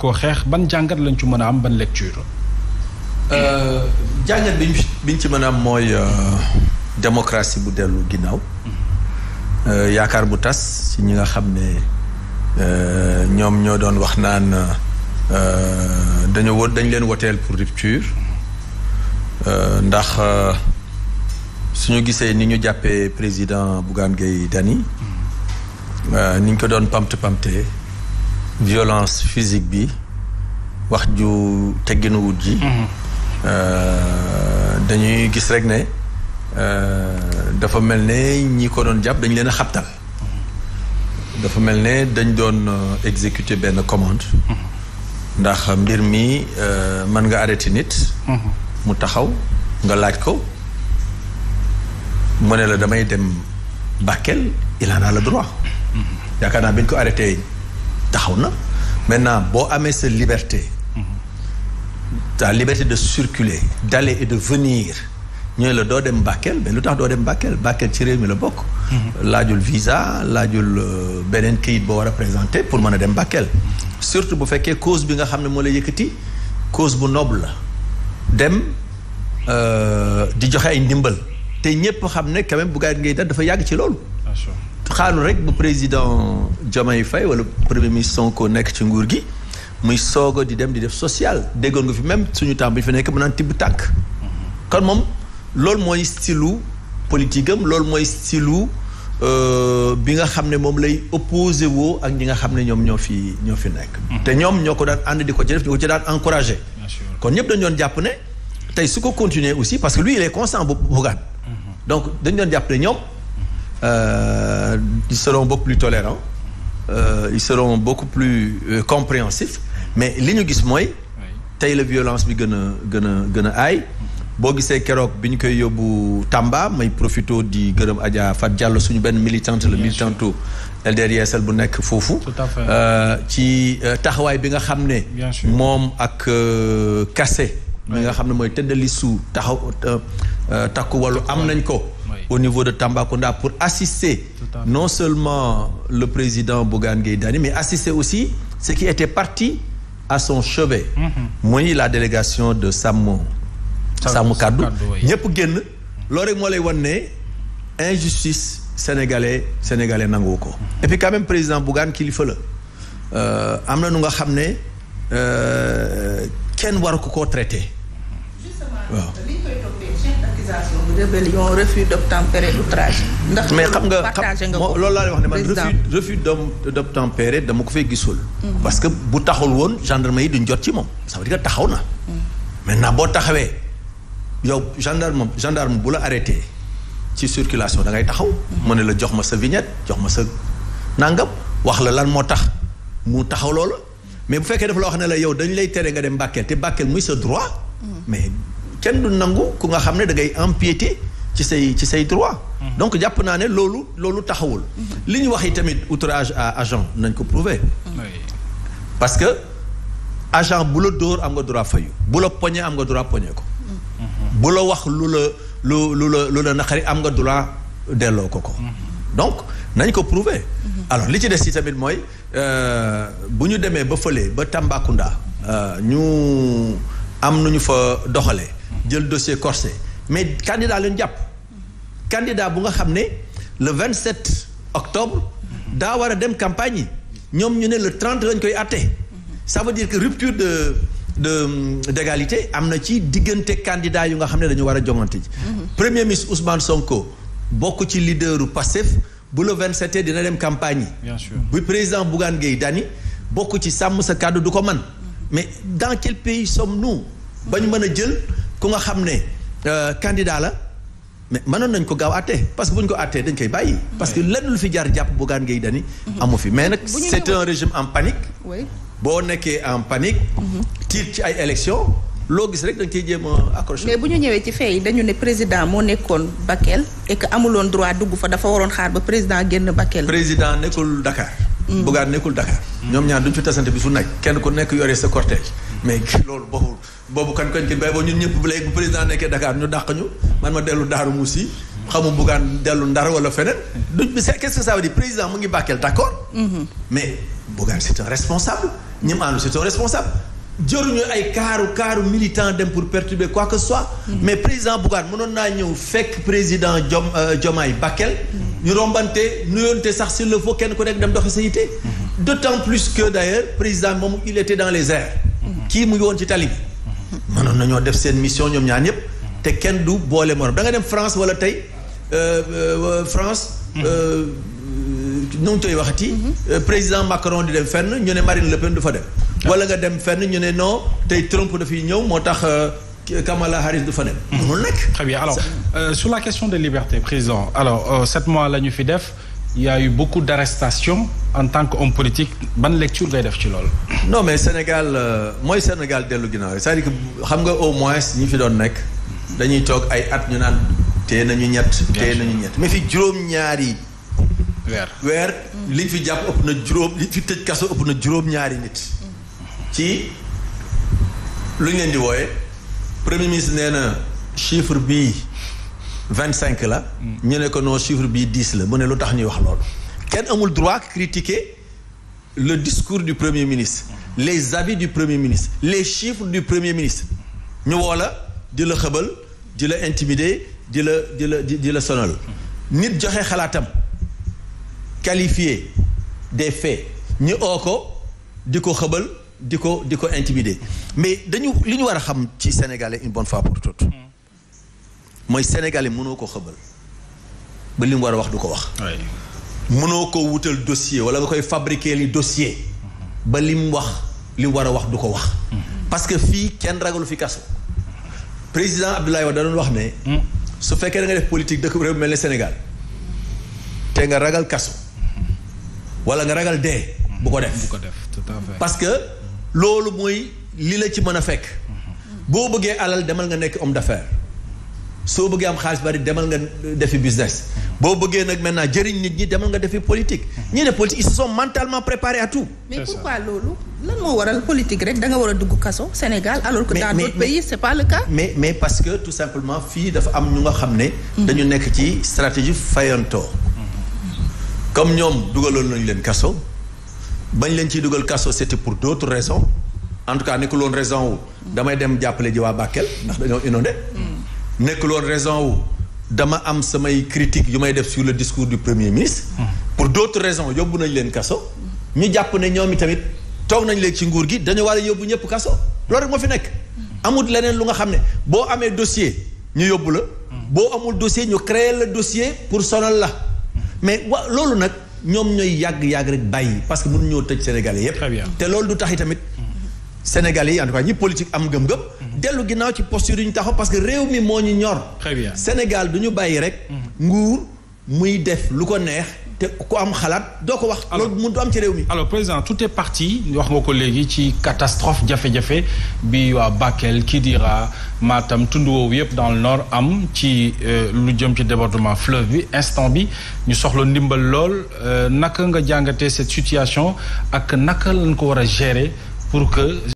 koo xeex ban jàngat lañ ci mën a am ban lecture. Euh, jàngat bi biñ ci mën a am mooy euh, démocratie bu dellu ginnaaw. Mm-hmm. Euh, yaakaar bu tas ci ñi nga xam ne ñoom ñoo doon wax naan dañoo wo dañ leen woteel pour rupture ndax suñu gisee ni ñu jàppee président Bougane Gueye Dany mm-hmm. ni ñu ko doon pamte pamte violence physique bi wax ju tegginuwut ji mhm. euh, dañuy gis rek ne euh, dafa mel ne ñi ko doon jàpp dañ leen a xabtal dafa mel ne dañ doon euh, exécuter benn commande mhm. ndax mbir mi mën nga arrêté nit mhm. mu taxaw nga laaj ko mu ne la damay dem Bakel il en a le yaakaar naa bi ñu ko arrêté taxaw na maintenant boo amee sa liberté ta liberté de circuler d'aller et de venir ñooy la doo dem Bakel mais lu tax doo dem Bakel Bakel ci réew mi la bokk laajul visa laajul euh, beneen kayit boo war a présenter pour mën a dem Bakel surtout bu fekkee cause bi nga xam ne moo la yëkkati cause bu noble la dem euh, di joxe ay ndimbal te ñépp xam ne quand même Bougane Gueye Dany dafa yàgg ci loolu xaaru rek bu président Diomaye Faye wala premier ministre Sonko nekk ci nguur gi muy soogo di dem di def social déggoon nga fi même suñu temps bi fi nekk mu naan tibb tànk kon moom loolu mooy stilu politique am loolu mooy stilu euh, bi nga xam ne moom lay opposé woo ak ñi nga xam ne ñoom ñoo fi ñoo fi nekk mhm. te ñoom ñoo ko daan ànd di ko ci def di ko ci daan encouragé kon ñëpp dañu doon jàpp ne tey su ko continuer aussi parce que lui il est constant bu bugaan mhm. euh, ils seront beaucoup plus tolérants euh, ils seront euh, mais li ñu gis mooy tey la violence bi gën a gën a gën a aay boo gisee keroog bi ñu koy yóbbu Tamba may profito di gërëm Adja Fat Diallo suñu benn militante la militante LDR Yeesal bu nekk foofu euh, ci euh, taxawaay bi nga xam ne moom ak Kassé mi nga xam ne mooy tëddali su taxaw takku am nañ ko au niveau de Tambacounda pour assister non seulement le président Bougane Gueye Dany mais assister aussi ceux qui étaient parti à son chevet muy mm-hmm. la délégation de Sàmm Sàmm Kàddu ñépp génn loolu rek moo lay wan ne injustice sénégalais sénégalais nangu ko et quand même président Bougane kilifa la euh, am na nu nga xam ne euh, kenn waru ko koo traité rébellion refus d'obtempérer outrage. ndax mais xam nga xam loolu laa lay wax ne man refus refus d'obtempérer dama ko fee gisul. Mm-hmm. parce que bu taxul woon gendarme yi duñ jot ci moom. sa veut taxaw na. Mm-hmm. maintenant boo taxawee yow gendarme gendarme bu la arrêté ci circulation da ngay taxaw. Mm-hmm. mu ne la jox ma sa vignette jox ma sa nangam wax la lan moo tax mu taxaw loolu mais bu fekkee dafa la wax ne la yow dañ lay tere nga dem Bakel te Bakel muy sa droit mais. kenn du nangu ku nga xam ne dangay ngay empiété ci say ci say droit mhm. donc jàpp naa ne loolu loolu taxawul mhm. li ñu wax yi tamit outrage à agent nañ ko prouver parce que agent bu la dóor am nga droit fayu bu la poñe am nga droit poñe ko mhm. bu la wax lu la lu lu la lu la naqari am nga droit delloo ko ko donc nañ ko prouver alors li ci des ci tamit mooy euh, bu ñu demee ba fële ba Tambacounda euh, ñu am nañu fa doxalee jël dossier corsé mais candidat leen jàpp candidat bu nga xam ne le 27 octobre daa war a dem campagne yi ñoom ñu ne le 30 lañ koy atte ça veut dire que rupture de de d'égalité am na ci diggante candidat yu nga xam ne dañu war a jongante ji premier ministre Ousmane Sonko bokk ci leaderu Pastef bu le 27 dina dem campagne yi bien sûr bu président Bougane Gueye Dany bokk ci sàmm sa kàddu du ko man mais dans quel pays sommes-nous ba ñu mën a jël ku nga xam ne euh, candidat la mais mënoon nañ ko gaaw àttee parce que bu ñu ko àttee dañ koy bàyyi. parce que lan lu fi jar jàpp Bougane Gueye Dany mhm. amu fi mais nag c'est un régime en panique. boo nekkee en panique. Mhm. tiit ci ay élections. loo gis rek da nga koy jéem a accroché. mais bu ñu ñëwee ci fee yi dañu ne président moo nekkoon Bakel et que amuloon droit dugg fa dafa waroon xaar ba président génn Bakel. président nekkul Dakar. Mhm. Bougane nekkul Dakar. ñoom ñaar duñ fi bi su nekk kenn ku nekk yore sa cortège. boobu kan kan bay boo ñun ñëpp bu léegi bu président nekkee Dakar ñu dàq ñu man ma dellu Daaru Moussi xamu buggaan dellu Ndar wala feneen duñ qu'est-ce que président mu ngi Bakel d'accord mm-hmm. mais buggaan c'est un responsable ñi mu àndu c'est un responsable jëruñu ay kaaru kaaru militant dem pour perturber quoi que ce soit mm-hmm. mais président Bougane mënoon naa ñëw fekk président Jom Jomaay euh, Bakel mm-hmm. ñu rombante nuyoonte sax s'il le faut kenn ku nekk dem doxi sa yite d'autant plus que moom il était les kii mu ngi woon ci tali mënoon nañoo def seen mission ñoom ñaan yëpp. te kenn du boole morom da dem France wala tey euh, euh, euh, France. ñoo ngi koy waxati. Hmm. président Macron di dem fenn ñu ne Marine Le Pen du fa dem. Ah. wala nga dem fenn ñu ne non tey Trump dafiy ñëw moo tax. Kamala Harris du fa dem. Hmm. mënul nekk. très bien alors euh, sur la question des libertés président alors sept mois la ñu fi def. il y a eu beaucoup d'arrestations en tant que qu'homme politique ban lecture ngay def ci loolu. non mais Sénégal euh, mooy Sénégal dellu ginnaaw c'est-à-dire que xam nga au moins ñi fi doon nekk dañuy toog ay at ñu naan téye nañu ñett. téye nañu ñett mais fi juróom-ñaari. weer weer liñ fi jàpp ëpp na juróom liñ fi tëj kaso ëpp na juróom-ñaari nit. ci lu ñu leen di wooye premier ministre nee na chiffre bii. vingt cinq la. ñu ne ko non chiffre bi dix la mu ne lu tax ñuy wax loolu. kenn amul droit critiquer le discours du premier ministre. les habits du premier ministre. les chiffres du premier ministre. ñu woo la di la xëbal di la intimider di la di la di la sonal. nit joxe xalaatam qualifié des faits ñu oo ko di ko xëbal di ko di ko intimider mais dañu li ñu war a xam ci Sénégalais une bonne fois pour toutes. mooy Sénégal yi mënoo ko xëbal ba li mu war a wax du ko wax. mënoo ko wutal dossier wala nga koy fabriquer li dossier ba li mu wax li war a wax du ko wax. parce que fii kenn ragalu fi kaso. président Abdoulaye Wade da doon wax ne. su fekkee da nga def politique dëkk réew mel ne Sénégal te nga ragal kaso wala nga ragal dee. bu ko def bu ko def tout à parce que loolu mooy lii la ci mën a fekk. boo bëggee alal demal nga nekk homme d'affaires. soo bëggee am xaalis bari demal nga defi business boo bëggee nag maintenant jëriñ nit ñi demal nga defi politique ñi ne politique ils se sont mentalement préparés à tout. mais pourquoi loolu lan moo politique rek da nga war a dugg kaso Sénégal alors que dans d'autres pays mais mais que tout simplement fii dafa am ñu nga xam ne. Mhm. dañu nekk ci stratégie fayanto. comme ñoom dugaloon nañu leen kaso bañ leen ciy dugal kaso c'était pour d'autres raisons en tout cas nekkul woon raison wu damay dem jàppale ji waa Bakel ndax dañoo inondé. Mhm. nekk loon raison wu dama am samay critique yu may def sur le discours du premier ministre pour d'autres raison yóbbu nañ leen kaso ñu jàpp ne ñoom i tamit toog nañ léegi ci nguur gi dañu war a yóbbu ñëpp kaso loolu rek moo fi nekk amul leneen lu nga xam ne boo amee dossier ñu yóbbu la boo amul dossier ñu créer la dossier pour sonal la mais wa loolu nag ñoom ñooy yàgg-yàgg rek bàyyi parce que mënu ñoo tëj Sénégalais yépp te loolu du tax i tamit mm. sénégal yi en tout cas ñi politique am gëm-gëm. Mhm. dellu ginnaaw ci posture yi ñu taxaw parce que réew mi moo ñu ñor. très Sénégal du ñu bàyyi rek. Mhm. nguur muy def lu ko neex. te ku am xalaat doo ko wax. loolu mënut am ci réew mi. alors président tout est parti wax nga ko léegi ci catastrophe jafe-jafe bi waa Bakel Kidira Matam tund woowu yëpp dans le nord am ci euh, lu jëm ci débordement fleuve bi instant bi ñu soxla ndimbal lool euh, naka nga jàngate cette situation ak naka lañ ko war a gérer